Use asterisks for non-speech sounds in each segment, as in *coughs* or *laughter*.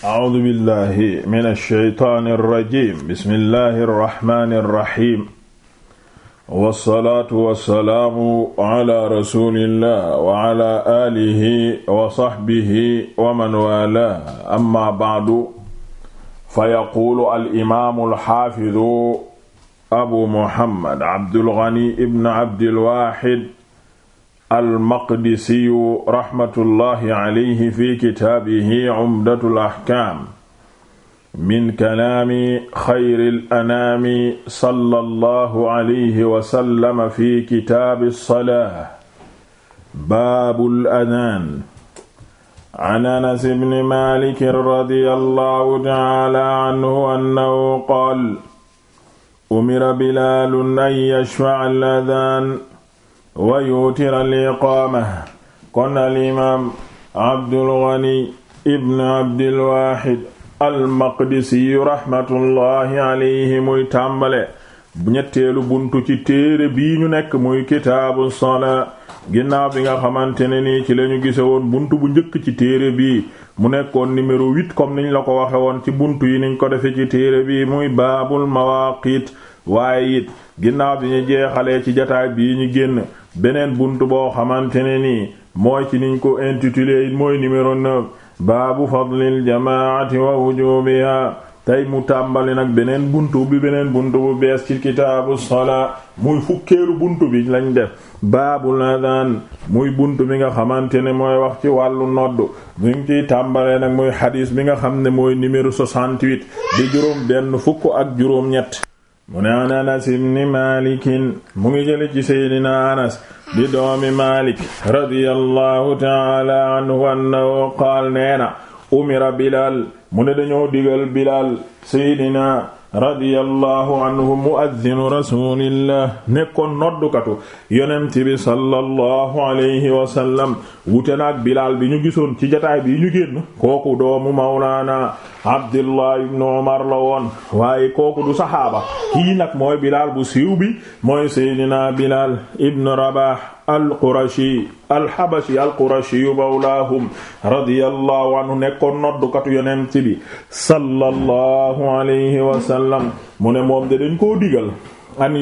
A'uuzu billaahi mina shaytaani rajiim bismillaahi rahmaani rahiim. wasalaatu wasalaamu ala rasuulillah wa ala aalihi wa saxbihi wa man waalaahu amma ba'du. fa yaquulu al imaamu al xaafidu abu muhammad Abdul Ghani ibn Abdil Waahid almaqdisiyu raxmatullahi alayhi fi kitaabihi cumdatul axkaam min kalaami xayril anaami sallallahu alayhi wa sallam fi kitaabi salaah baabul adaan an anas bni maalik radiyallahu taala anhu annahu qaal umira bilaalun an yashfaca al adaan wa yutir al iqaama kon al imaam abdul ghani ibn abdil waahid al maqdisi alayhi muy tàmbale ñetteelu bunt ci téere bi ñu nekk muy kitaabu salaa ginnaaw bi nga xamante ne nii ci lañu gise woon bunt bu njëkk ci téere bii mu nekkoon numéro huit comme niñ la ko waxe woon ci bunt yi niñ ko defe ci téere bii muy baabul mawaaqiit waaye it ginnaaw bi ñu jeexalee ci jataay bii ñu génn beneen bunt boo xamante ne nii mooy ci niñ ko intitulé mooy numéro 9 baabu fadlil jamaati wa wujubiha tey mu tàmbali nag beneen bunt bi beneen bunt bu bees ci kitaabu salaa muy fukkeelu bunt bi lañ def baabul adaan muy buntu bi nga xamante ne mooy wax ci wàllu nodd ñu ngi ciy tàmbalee nag muy xadiis bi nga xam ne mooy numéro 68 di juróom benn fukk ak juróom ñett mu ne an anas ibni malikin mu ngi jële ci seydina anas di doomi malik radiyallahu taala anhu annahu qaal nee na umira bilal mu ne dañoo digal bilal seydina radiyallahu anhu muaddinu rasulillah nekkoon noddukatu yonent bi sallallahu alayhi wa sallam wute naag bilaal bi ñu gisoon ci jataay bi ñu génn kooku doomu mawlaana abdullah ibnu umar la woon waaye kooku du saxaaba kii nag mooy bilaal bu siiw bi mooy seydina bilaal ibnu rabah alqurashi alxabashi alqurashi mawlaahum radiyallahu anhu nekkoon noddukatu yonent bi sallallahu alayhi wa sallam sallam mu ne moom de dañ koo digal an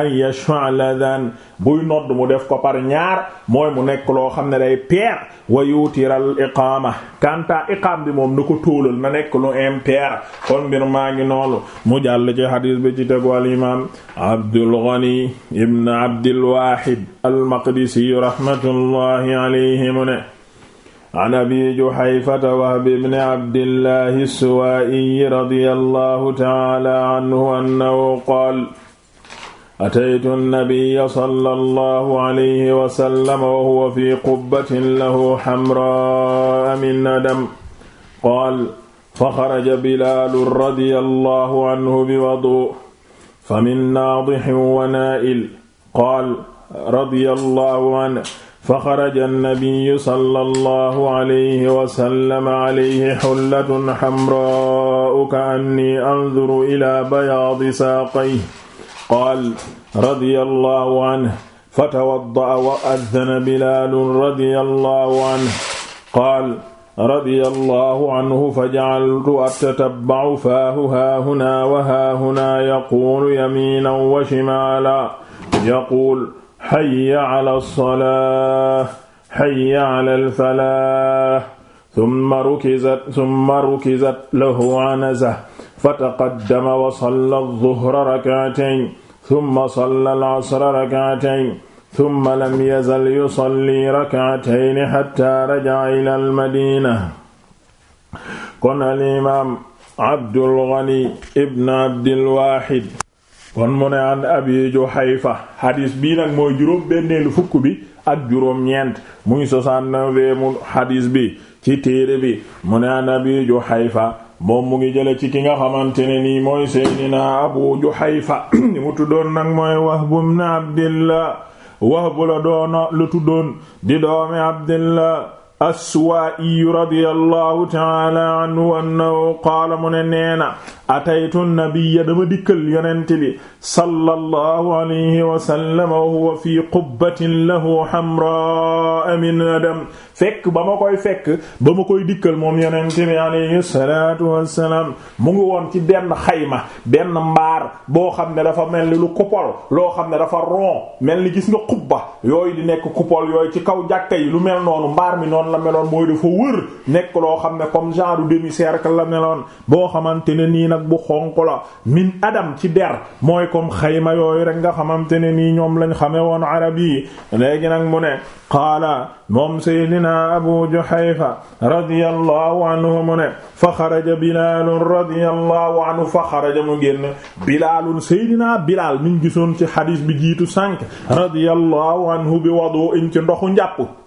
an yashfa ladan buy nodd mu def ko par ñaar mooy mu nekk loo xam ne day pair wa yutiral iqama kanta iqam bi moom na ko tóolal na nekk lu impair kon mbir maa ngi noonu mu jàll ci hadis bi ci tegu al imam Abdul Ghani ibn Abdil Wahid al Maqdisi rahmatullahi mu ne an abi juhayfata wahb ibni abdillahi suwaa'iyi radiyallahu ta'ala anhu annahu qaal ataytu nnabiya sallallahu alayhi wa sallam wa huwa fi qubbatin lahu hamraa min adam qaal fa xaraja bilaalu radiyallahu anhu biwadu fa min naadihin wa naa'il qaal radiyallahu anhu fa xaraja annabiyu sala allahu alayhi wasallam alayhi xullatun xamraau ka anni anduru ila bayaadi saaqay qaal radia allahu anh fatawada'a wa addana bilaalun radia allahu anh qaal radia allahu anhu fajacaltu atatabba'u faahu haahunaa wa haahunaa yaquulu yamiinan wa shimaalan yaquul hayya ala salaah hayya ala falaah summa rukizat summa rukizat lahu anaza fataqaddama wa salla zuhra rak'atayn summa salla al-asra rak'atayn summa lam yazal yusalli rak'atayn hatta raja'a ila al-madina kon al-imam Abdul Ghani ibn Abdil Wahid kon mu ne an abi juhayfa bii nag mooy juróom benneelu fukk bi ak juróom ñeent muy soixante-neuvième xadis bi ci téere bi mu ne an abi moom mu ngi jële ci ki nga xamante ne nii mooy seydina abu juhayfa *coughs* mu tuddoon nag mooy wahb ibn abdillah wahb la doono lu tuddoon di doomi abdillah aswaa'i radiyallahu ta'ala anhu annahu qaala mu ne neena ataytu nabiyya dama dikkal yonent bi sallallahu alayhi wa sallam wa huwa fi qubbatin lahu hamraa min adam fekk ba ma koy fekk ba ma koy dikkal moom yonent bi alayhi salaatu wassalaam mu ngi woon ci benn xayma benn mbaar boo xam ne dafa mel ni lu coupole loo xam ne dafa rond mel ni gis nga xubba yooyu di nekk coupole yooyu ci kaw jàkka yi lu mel noonu mbaar mi noonu la meloon mooy dafa wër nekk loo xam ne comme genre demi cercle la meloon boo xamante ne nii nag bu xonq la min adam ci der mooy comme xayma yooyu rek nga xamante ne nii ñoom lañ xamee woon arab yi léegi nag mu ne qaala moom seydina abu juhayfa radiyallahu anhu mu ne fa xaraja bilaalun radiyallahu anhu fa xaraja mu génn bilaalun seydina bilaal min gisoon ci xadiis bi jiitu sànq radiyallahu anhu bi wadu in ci ndoxu njàpp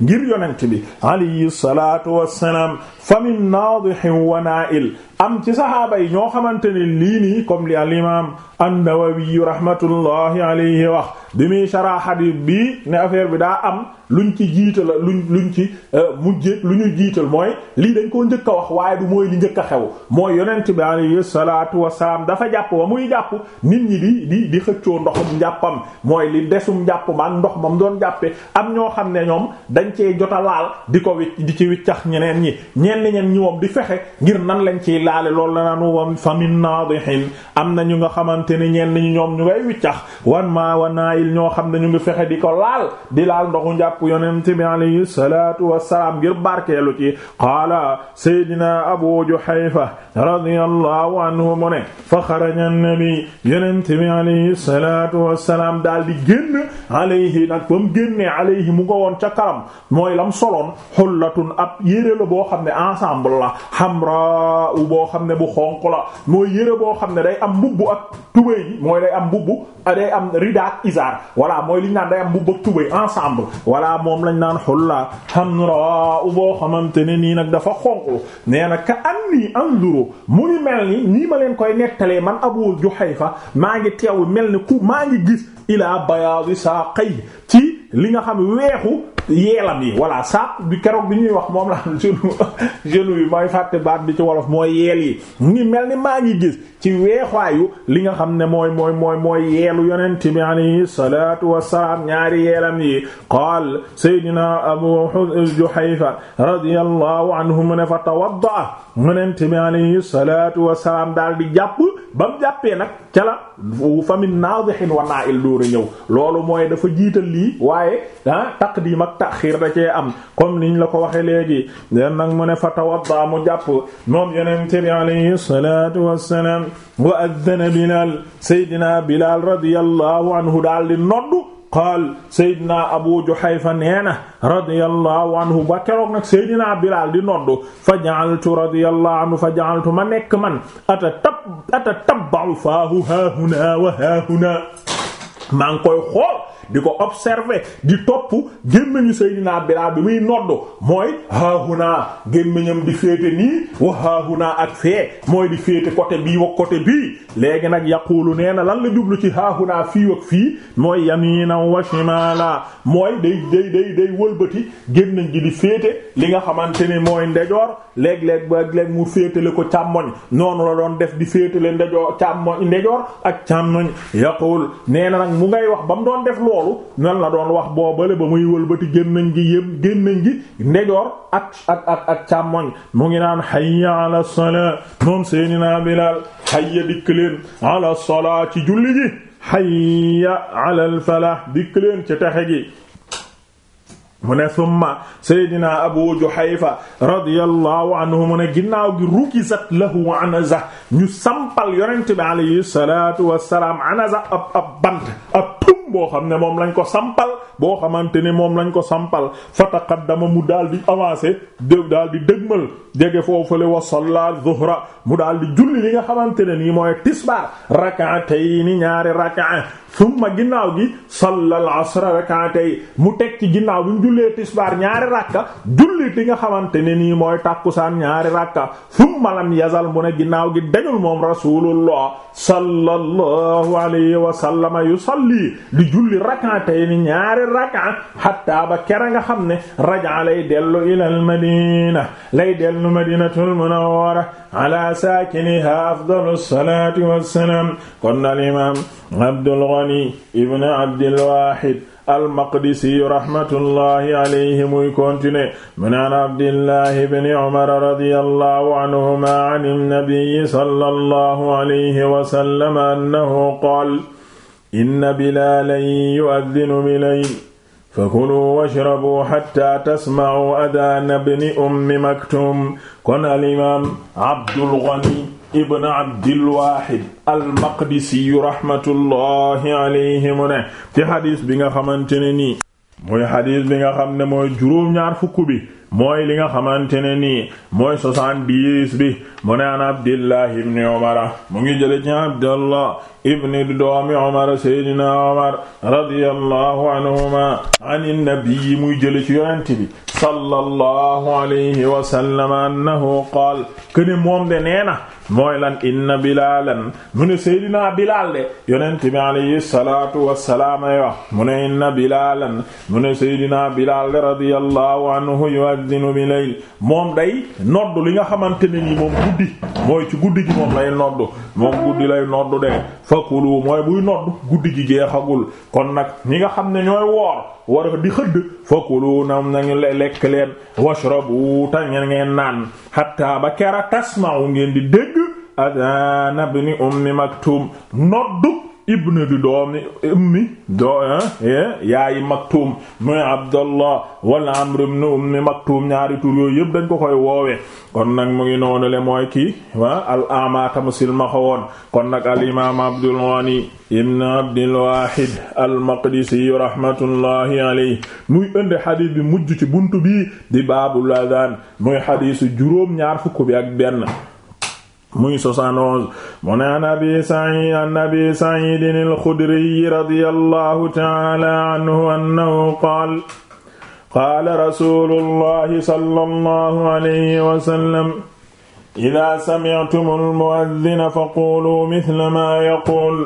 ngir yonent bi alayhi salaatu wassalaam fa min naadihin wa naa'il am ci saxaaba yi ñoo xamante ne lii nii comme li al imaam an-Nawawi rahmatullahi alayhi wax bi muy shara xadiis bii ne affaire bi daa am lu ñu ci jiital luñ luñ ci euh, mujj lu ñu jiital mooy lii dañ koo njëkk a wax waaye du mooy li njëkk a xew mooy yonent bi alayhi salaatu wasalaam dafa jàpp ba muy jàpp nit ñi di di di xëccoo ndoxum njàppam mooy li desum njàppam ak ndox mam doon jàppe am ñoo xam ne ñoom dañ cee jotalaal di ko wicc di ci wiccax ñeneen ñi ñenn ñeneen ñi moom di fexe ngir nan lañ ciy laale loolu la naan wam famin naadihin am na ñu nga xamante ne ñenn ñu ngay wiccax wan Israil ñoo xam ne ñu ngi fexe di ko laal di laal ndoxu njàpp yonent bi alayhi salaatu wassalaam ngir barkeelu ci qaala Seydina Abu Juhayfa radiyallahu anhu mu ne fa xaraja an-nabi yonent bi alayhi salaatu wassalaam daal di génn alayhi nag ba mu génnee alayhi mu ko woon ca karam mooy lam soloon xullatun ab yére la boo xam ne ensemble la hamra u boo xam ne bu xonq la mooy yére boo xam ne day am mbubb ak tubéy mooy day am mbubb day am rida ak xaar voilà mooy li ñu naan day am bu bëgg tubay ensemble voilà moom lañ naan xulla hamra boo xamante ne nii nag dafa xonq nee na ka anni anzuru mu ngi mel ni nii ma leen koy nettalee man Abu Juhayfa maa ngi teew mel ni ku maa ngi gis ilaa bayaadi saaqay ci li nga xam weexu yeelam yi voilà sàpp bi keroog bi ñuy wax moom la genou *laughs* genou yi mooy fàtte baat bi ci wolof mooy yeel yi mu ngi mel ni maa ngi gis ci weexwaayu li nga xam ne mooy mooy mooy mooy yeelu yonent bi alayhi salatu wasalaam ñaari yeelam yi qaal sayyidina abu juhayfa radiyallahu anhu mu ne fa tawadda yonent bi alayhi salatu wasalaam daal di jàpp ba mu jàppee nag ca la fa min naadihin wa naa'il dóor a ñëw loolu mooy dafa jiital lii waaye ah taqdiim ak taxir da cee am comme niñ la ko waxe léegi den nag mu ne fa tawadda mu jàpp moom yonent bi alayhi salatu wassalaam wa addana bilal saydina bilal radiyallahu anhu daal di noddu qaal Seydina Abu Juhayfa neena radiyallahu anhu ba keroog nag Seydina Bilal di noddu fa ja'altu radiyallahu anhu fa ja'altu ma nekk man ata tab ata tabba'u faahu haahuna wa haahuna maa ngi koy xool di ko observer di topp gémmiñu Seydina Bilaal bi muy nodd mooy haahunaa gémmiñam di féete nii wa haahunaa ak fee mooy di féete côté bii wa côté bii léegi nag yaqulu nee na lan la jublu ci haahunaa fii ak fii mooy yaminan naa shimaala mooy day day day day wëlbati gémmiñ gi di féete li nga xamante ni mooy ndejoor léeg-léeg ba léeg mu féetale ko càmmoñ noonu la doon def di féetale ndejoor càmmoñ ndejoor ak càmmoñ yaqul nee nag mu ngay wax ba mu doon def lu loolu nan la doon wax boobale ba muy wëlbati gémmiñ gi yépp gémmiñ gi ndejoor ak ak ak ak mu ngi naan hayya ala salaa moom seydinaa Bilaal hayya dikk ala salaa ci julli ji hayya ala al falah dikk leen ci texe gi ne summa Seydina Abu Juhayfa radiyallahu anhu mu ne gi rukizat lahu anaza ñu sampal yonent bi alayhi salatu wasalaam anaza ab ab bant ab tum boo xam ne moom lañ ko sampal boo xamante ne moom lañ ko sampal fataqaddama mu daal di avancé dég daal di dëgmal jege foofale wa salla zuhra mu daal di julli li nga xamante ne nii mooy tisbaar ni ñaari rak'a summa ginnaaw gi salla al-asra rak'atay mu teg ci ginnaaw bi mu jullee tisbaar ñaari rakka julli li nga xamante ne nii mooy tàkkusaan ñaari rakka summa lam yazal mu ne ginnaaw gi dañul moom rasulullah sallallahu alayhi wa yusalli di julli rak'atayn ni ñaari rak'a hatta ba kera nga xam ne raja lay dellu ila al madina lay dellu madinatul munawwara ala saakiniha afdalu salaati wassalaam kon al imam Abdul Ghani ibn Abdil Wahid almaqdisi rahmatullahi alayhi muy continuer mu naan abdillahi bni umar radiyallahu anhuma an nabiyi sallallahu alayhi wa sallam annahu qaala inna bilaalan yu'adhdhinu bilayl fakuluu washrabuu xatta tasma'uu adaan ibni ummi maktuum kon alimaam Abdul Ghani ibn Abdil Waahid al-Maqdisi rahmatullahi alayhi mu ne ci xadiis bi nga xamante ne nii mooy xadiis bi nga xam ne mooy juróom-ñaar fukk bi mooy li nga xamante ne nii mooy soixante-dix bi mu ne an Abdillah ibni Umar mu ngi jële ci Abdallah ibni doomi Umar Seydina Umar radiyallahu anhuma anin nabi muy jële ci yonent bi sallallahu alayhi wa sallam annahu qaal kene moom de nee na mooy lan inna bilalan mu ne seydinaa bilaal de yonent bi alayhi salaatu wassalaam ay wax mu ne inna bilalan mu ne seydinaa bilaal de radiyallahu anhu yu'adhdhinu bi layl moom day nodd li nga xamante ne ni moom guddi mooy ci guddi gi moom lay nodd moom guddi lay nodd de fakulu mooy buy nodd guddi gi jeexagul kon nag ñi nga xam ne ñooy woor war a di xëdd fakulu nam nañu lekk leen washrabu ta ngeen naan hatta ba kera tasma'u ngeen di dégg adaan ibn ummi maktum noddu ibn di doomi ummi doo eh, eh, yaayi maktum muy abdallah wala amr ibn ummi maktum ñaari tur yooyu yëpp dañ ko koy woowee kon nag mu ngi noonu le mooy kii wa mu amata musilma xawoon kon nag al imam abdul ghani ibn abdil wahid al maqdisi rahmatullahi alayhi muy indi xadis bi mujj ci bunt bi di baabul adaan muy xadisu juróom ñaar fukk bi ak benn muy soixante onze mu ne an abi sa'id an abi sa'idin al-xudriyi radiyallahu ta'ala anhu annahu qaal qaala rasulullahi sallallahu alayhi wa sallam idaa sami'tumul mu'addina faqulu mithla maa yaqul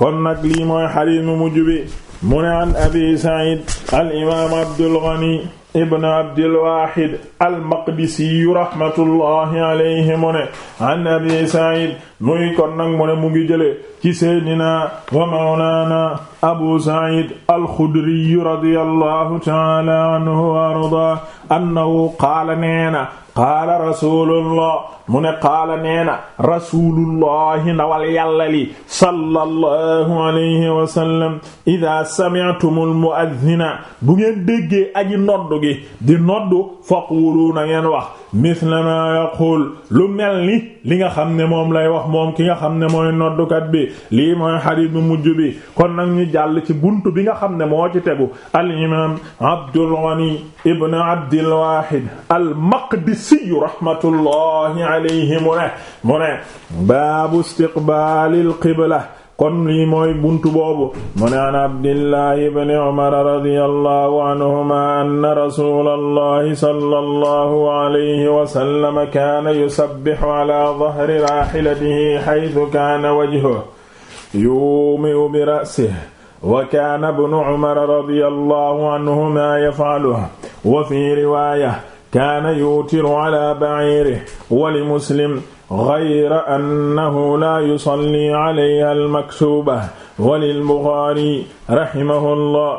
kon nag lii mooy xadiis mu mujj bi mu ne an abi sa'id al imaam Abdul Ghani ibn abdilwahid almaqdisiyu rahmatullahi alayhi mu ne an abi said muy kon nag mu ne mu ngi jële ci seydina wa mawlana abu said alxudriyu radiyallahu taala anhu wa arda annahu qaala neena qaala rasulullah mu ne qaala nee na rasulullahi ndawal yàlla li sallallahu alayhi wa sallam ida sami'tumul mu'adhdhina bu ngeen déggee aji noddu gi di noddu faqulu na ngeen wax misla ma yaqul lu mel ni li nga xam ne moom lay wax moom ki nga xam ne mooy noddukat bi lii mooy xadiis bu mujj bi kon nag ñu jàll ci buntu bi nga xam ne moo ci tegu al imam Abdul Ghani ibn Abdil Wahid al Maqdisi rahmatullahi alayhi mu ne mu ne baabu istiqbalil qibla kon lii mooy buntu boobu mu ne an abdillahi bni umara radiyallahu anhuma anna rasulallahi sallallahu alayhi wa sallam kaana yusabbihu ala dhahri raahilatihi haythu kaana wajhuhu yuumi'u bi ra'sihi wa kaana ibnu umara radiyallahu anhuma yaf'aluhu wa fi riwaaya kaana yuutiru ala ba'iirihi wa li muslim ghayra annahu la yusalli alayha almaktuba wa lilbuxaari rahimahullah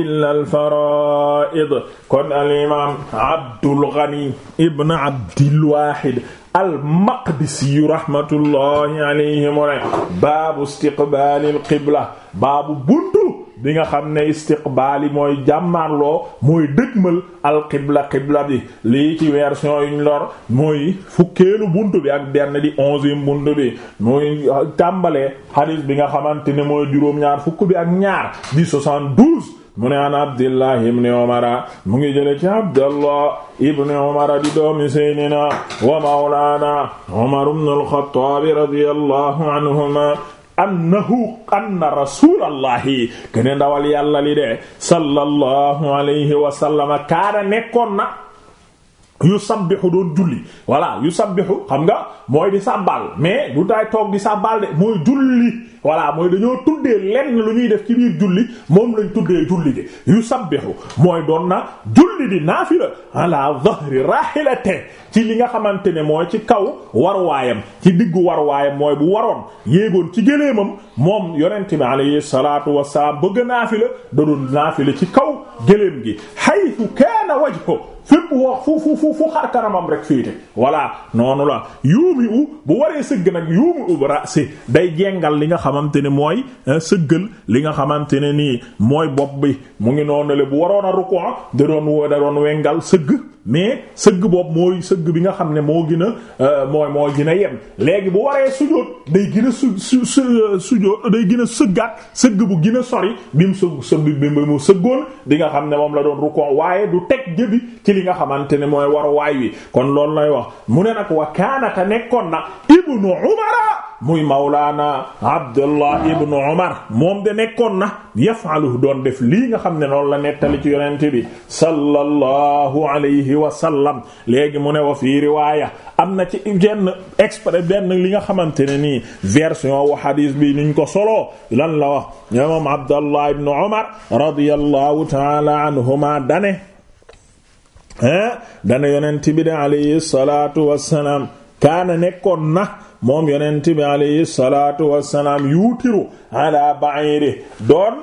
illa alfaraid kon alimaam Abdul Ghani ibn Abdil Wahid almaqdisiyu rahmatullahi alayhi mu ne baabu istiqbaali alqibla baabu buntu bi nga xam ne istiqbaali mooy jàmmaarloo mooy dëgmal alqibla qibla bi lii ci version yuñ lor mooy fukkeelu buntu bi ak benn di onzième buntu bi mooy tàmbalee hadith bi nga xamante ne mooy juróom-ñaar fukk bi ak ñaar di soixante mu ne an abdillah ibni omara mu ngi jële ci abdallah ibni omara di doomi seydina wa mawlaana omar ibn al-Khattab radiyallahu anhuma annahu anna rasulallahi kene ndawal yàlla li de sallallahu alayhi wa sallam kaana nekkoon na yu sabbixu doon julli voilà yu sabbixu xam nga mooy di sàbbal mais du daay toog di sàbbal de mooy julli voilà mooy dañoo tuddee lenn lu ñuy def ci biir julli moom lañ tuddee julli ji yu sabbixu mooy doon na julli di naafila ala dhahri rahilate ci li nga xamante ne mooy ci kaw warwaayam ci diggu warwaayam mooy bu waroon yéegoon ci géléemam moom yonente bi alayhi salatu wasalaam bëgg naafila da doon naafila ci kaw géléem gi haythu kana wajhu fépp wax fu fu fu xar kanamam rek féete voilà noonu la yuumi u bu waree sëgg nag yuumi u bara si day jengal li nga xamante ne mooy eh, sëggal li nga xamante ne nii mooy bopp bi mu ngi noonu le bu waroon a ruku ah, da wengal sëgg mais sëgg boobu mooy sëgg bi nga xam ne moo gën a eh, mooy moo gën a yem léegi bu waree day gën a su su sujóot day gën a sëggaat sëgg bu gën a sori bi mu sëgg bi mu sëggoon di nga xam ne moom la doon ruku waaye du teg jëbi ci li nga xamante ne mooy war waay kon loolu lay wax mu ne nag wa kaanata nekkoon na ibnu umara muy mawlaana abdullah ibnu umar moom de nekkoon na yafalu doon def lii nga xam ne noonu la nettali ci yonent bi sallallahu alayhi wa sallam léegi mu ne wa fii am na ci benn exprès benn li nga xamante ne nii version wu hadis bi niñ ko soloo lan la wax ñoom abdullah ibnu umar radiyallahu ta'ala anhuma dane dana yonent bi de alayhi salaatu wassalaam kaana nekkoon na moom yonent bi alayhi salaatu wassalaam yuutiru ala ba'iri doon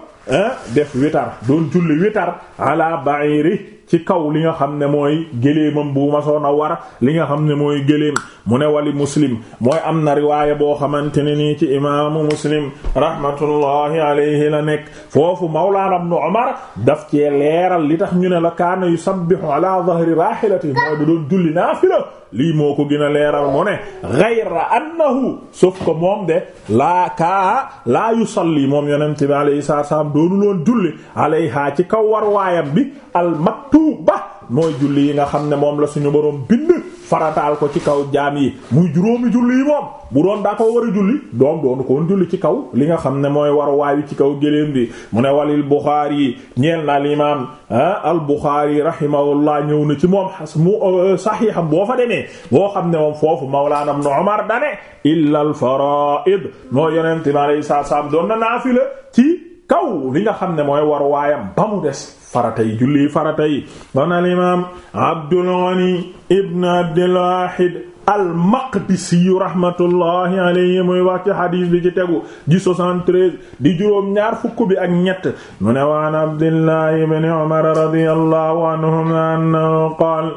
def witar doon julli witar ala ba'iri ci kaw li nga xam ne mooy géléemam bu masoon a war li nga xam ne mooy géléem mu ne wali muslim mooy am na riwaaya boo xamante ne nii ci imaamu muslim rahmatullahi alayhi la nekk foofu mawlaana ibnu umar daf cee leeral li tax ñu ne la kaan yusabbihu ala dhahri rahilati mooy da doon julli naafila lii moo ko gën a leeral mu ne ghayra annahu sauf moom de laa kaa laa yusalli moom yonent bi alayhi salaam doonu loon julli alayha ci kaw war waayam bi al maktuba mooy julli yi nga xam ne moom la suñu boroom bind farataal ko ci kaw jaam yi muy juróomi julli yi moom bu doon daa ko war a julli doom doonu ko woon julli ci kaw li nga xam ne mooy war waayu ci kaw géléem bi mu ne walil Buxaari yi ñeel na alimaam al Buxaari rahimahullah ñëw na ci moom mu euh, saxiixam boo fa demee boo xam ne moom foofu mawlaana ibn Umar dane illa al faraa'id moo yonente mi alayhi salaam doon na naafila ci kaw li nga xam ne mooy war waayam ba mu des farata yi julli farata yi kon al imaam Abdul Ghani ibn Abdul Wahid al-Maqdisi rahmatullahi alayhi muy wax ci xadiis bi ci tegu di 73 di juróom ñaar fukk bi ak ñett mu ne waan Abdullahi ibn Umar radiyallahu anhuma annahu qaal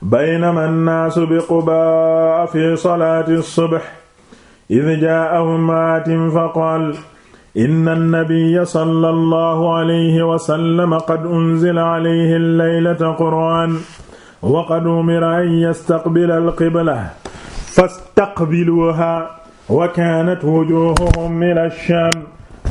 baynama annaasu bi Qubaa fi salaati as-subh idh jaa'ahum aatin fa qaal inna nabiyya sallallahu alayhi wa sallam qad unzila alayhi laylata qur'aan wa qad umira an yastaqbila al-qibla fastaqbiluuhaa wa kaanat wujuuhuhum ila ash-shaam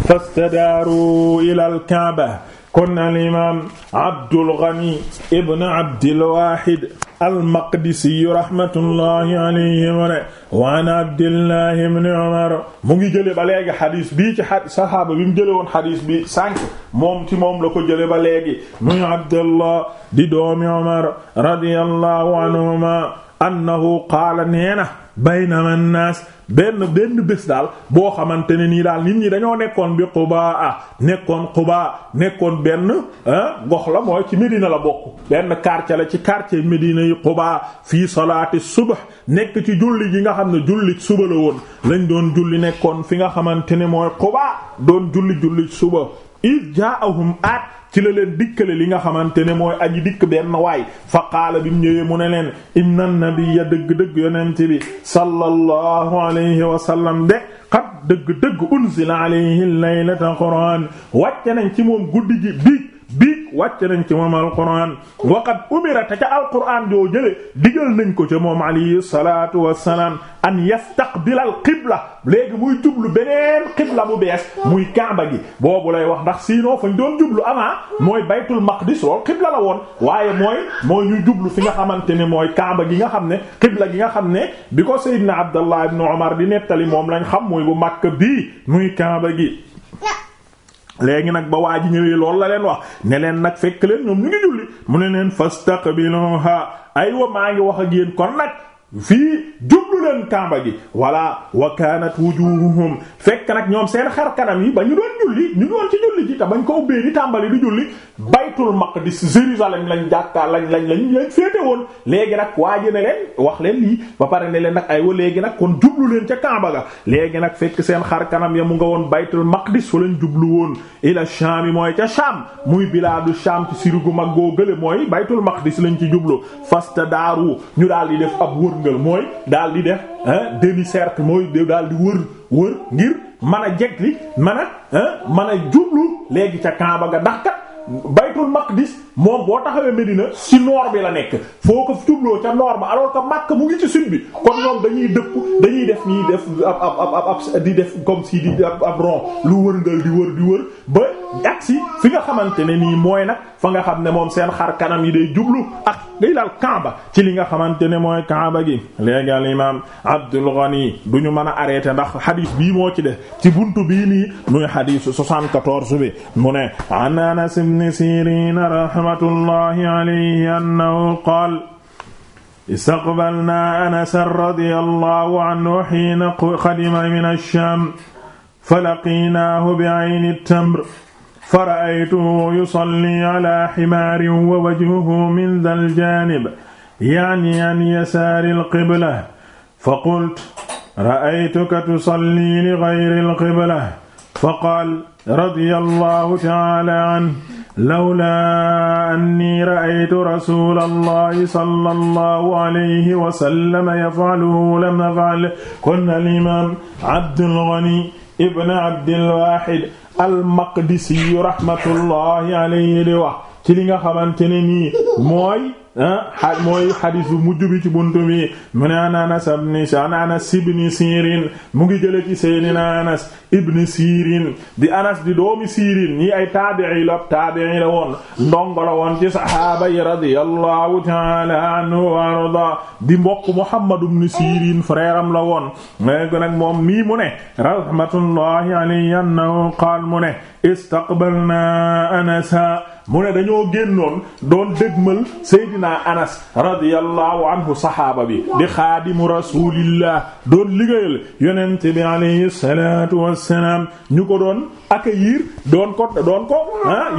fastadaaru ila al-ka'ba kon al imaam Abdul Ghani ibn Abdil Wahid al-Maqdisi rahmatullahi alayhi mu ne wa an Abdillahi ibn Umar mu ngi jële ba léegi xadis bii ci a sahaaba bi mu jële woon xadis bi sànq moom ci moom la ko jële ba léegi muy Abdullah di doomi Umar radiyallahu anhuma annahu qaala neena baynama an-naas benn benn bés daal boo xamante ne nii daal nit ñi dañoo nekkoon bi Quba a ah, nekkoon Quba nekkoon benn ah, gox la mooy ci Medina la bokk benn quartier la ci quartier Medina yi Quba fii salaati suba nekk ci julli gi nga xam ne julli suba la woon lañ doon julli nekkoon fi nga xamante ne mooy Quba doon julli julli suba id jaahum at ci la leen dikkale li nga xamante ne mooy aji dikk benn waay fa qaala bi mu mu ne leen inna nabiyya dëgg-dëgg yonent bi sallallahu alayhi wa sallam de qad dëgg-dëgg unzila alayhi laylata qur'an wàcce nañ ci moom guddi gi bi bi wàcc nañ ci moom alquran waqad umira te ca alquran joo jële digal nañ ko ca moom alayhi salatu wassalaam an yastaqbila al qibla léegi muy jublu beneen qibla bu bees muy kàmba gi boobu lay wax ndax sinon fañ doon jublu amaa mooy baytul maqdis lool qibla la woon waaye mooy mooy ñu jublu fi nga xamante ne mooy kaaba gi nga xam ne qibla gi nga xam ne bi ko sayyidna abdallah ibn umar di nettali moom lañ xam muy bu makka bii muy kaaba gi léegi nag ba waa ji ñëwee loolu la leen wax ne leen nag fekk leen ñoom ñu ngi julli mu ne leen ay aywa maa ngi wax a yéen kon nag fii jublu leen kàmba gi walla wa kanat wujuhuhum fekk nag ñoom seen xar kanam yi ba ñu doon julli ñu doon ci julli ji te bañ ko ubbee di tàmbali di julli baytul maqdis Jérusalem lañ jàkkaar lañ lañ lañ lañ féete woon léegi nag waa ji leen wax leen lii ba pare ne leen nag ay wa léegi nag kon jublu leen ca kàmba ga léegi nag fekk seen xar kanam ya mu nga woon baytul maqdis fa lañ jublu woon ila Sham yi mooy ca Sham muy bilaadu Sham ci sirigu mag goo gële mooy baytul maqdis lañ ci jublu fasta wërngal mooy daal di def ah demi-cercle mooy daal di wër wër ngir mën a jegli mën a ah jublu léegi ca Kaaba ga ndax kat baytul maqdis moom boo taxawee Medina si nord bi la nekk foo ko jubloo ca noor ba alors que Makka mu ngi ci sud bi kon ñoom dañuy dëpp dañuy def ñuy def ab ab ab di def comme si di ab ab rond lu wërngal di wër di wër ba agsi fi nga xamante ne nii mooy nag fa nga xam ne moom seen xar kanam yi day jublu ak ngay daal Kaaba ci li nga xamante ne mooy Kaaba gi léegi al imaam Abdul Ghani du ñu mën a arrêté ndax xadis bii moo ci def ci bunt bii nii muy xadisu 74 bi mu ne an Anas ibn Sirin raxmatullahi alayhi annahu qaal istaqbalnaa anasan radiyallahu anhu xiina qadima min ash-shaam falaqiinaahu bi'ayni at-tamr fara'aytuhu yusalli ala ximaarin wa wajhuhu min dhal jaanib ya'ni an yasaari al-qibla faqultu ra'aytuka tusalli li ghayri al-qibla faqaala radiyallahu ta'aala anhu lawlaa anni ra'aytu rasuulallahi sallallahu alayhi wa sallam yaf'aluhu lam af'al kon al-imaam Abdul Ghani ibn Abdil Waahid al-Maqdisi rahmatullahi alayhi di wax ci li nga xamante ne nii mooy ah mooy xadis bu mujj ci buntu bi mu ne an anas ibn an mu ngi jële ci seydina anas ibn siirin di anas di doomi siirin ñii ay taabi'i la taabi'i la woon ndongo la woon ci sahaaba yi radiyallahu ta'ala anhu wa arda di mbokk muhammad ibn siirin frère la woon léegi nag moom mii mu ne rahmatullahi alayhi annahu qaal mu ne istaqbalna anasa mu ne dañoo génnoon doon dëgmal Seydina Anas radiyallahu anhu saxaaba bi di xaadimu rasulillah doon liggéeyal yonent bi alayhi salaatu ñu ko doon accueillir doon ko doon ko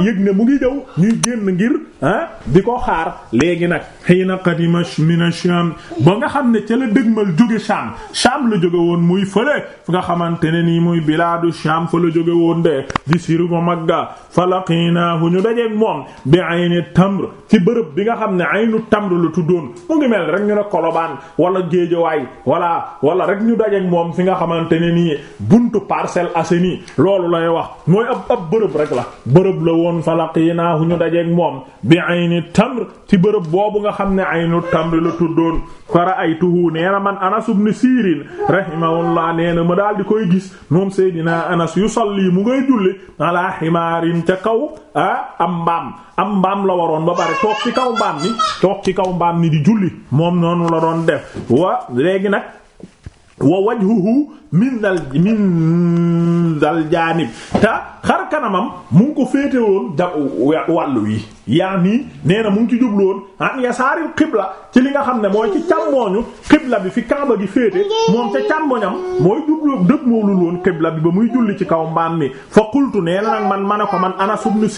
yëg ne mu ngi jëw ñuy génn ngir ah di ko xaar léegi nag hiina qadima mina Sham ba nga xam ne ca la dëgmal jóge Sham Sham la jóge woon muy fële fu nga xamante ne ni muy bilaadu Sham fa la jóge woon de di siru magga fa laqiinaahu ñu dajeek moom bi ayni tamr bërëb bi nga xam ne aynu tamr lu tuddoon mu ngi mel rek ñu ne kolobaan wala géejawaay wala wala rek ñu dajeek moom fi nga xamante ne nii buntu Parcelles Assainies loolu lay wax mooy ab ab bërëb rek la bërëb la woon falaqiinaahu ñu dajeek moom bi ayni tamr ci bërëb boobu nga xam ne aynu tamr la tuddoon fara ay tuhu nee na man Anas ibn Sirin rahimahullah nee na ma daal di koy gis moom Seydina Anas yusalli mu ngay julli ala ca kaw ah am mbaam am mbaam la waroon ba pare toog ci kaw mbaam ni toog ci kaw mbaam ni di julli moom noonu la doon def wa léegi nag wa wajhuhu min dal min dal jaanib te xar kanamam mu ko féete woon da wàllu yi yaa nii nee na mu ngi ci jublu woon an yasaaril xibla ci li nga xam ne mooy ci càmmooñu xibla bi fi kaaba gi féete moom ca càmmoñam mooy jublu dëpp moo lul woon xibla bi ba muy julli ci kaw mbaam mi fa qultu nee nag man ma ne ko man Anas ibn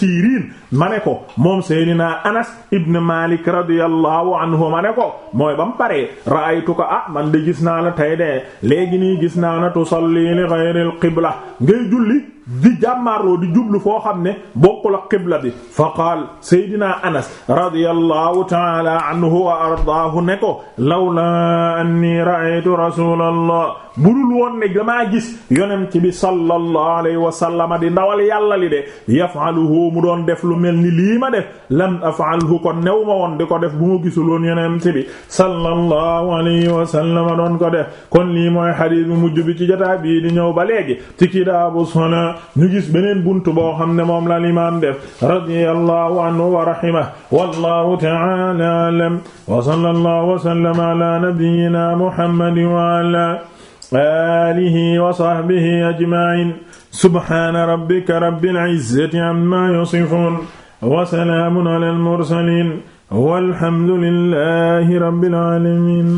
ma ne ko moom Seydina Anas ibn Malik radiyallahu anhu ma ne ko mooy ba mu paree ra'aytu ko ah man de gis naa la tey de léegi nii gis naa tusalli li ghayril qibla ngay julli di jàmmaarloo di jublu foo xam ne bokkul ak qibla bi fa qaal Seydina Anas radiyallahu ta'ala anhu wa ardaahu ne ko lawla anni ra'aytu rasulallah budul woon ne damaa gis yonent bi sallallahu alayhi wa sallam di ndawal yàlla li de yaf'aluhu mu doon def lu mel ni lii ma def lam af'alhu ko new ma woon di ko def bu ma gisul woon yonent bi sallallahu alayhi wa sallam doon ko def kon lii mooy hadith bu mujj bi ci jotaay bii di ñëw kitaabu sunna rahima ñu gis beneen buntu boo xam ne moom la limaam def radiyallahu anhu wa rahima wallahu ta'ala a'lam wa sallallahu wa sallama ala nabiyyina muhammadin wa ala alihi wa sahbihi ajma'in subhana rabbika rabbil izzati amma yasifun wa salamun ala al mursalin walhamdulillahi rabbil alamin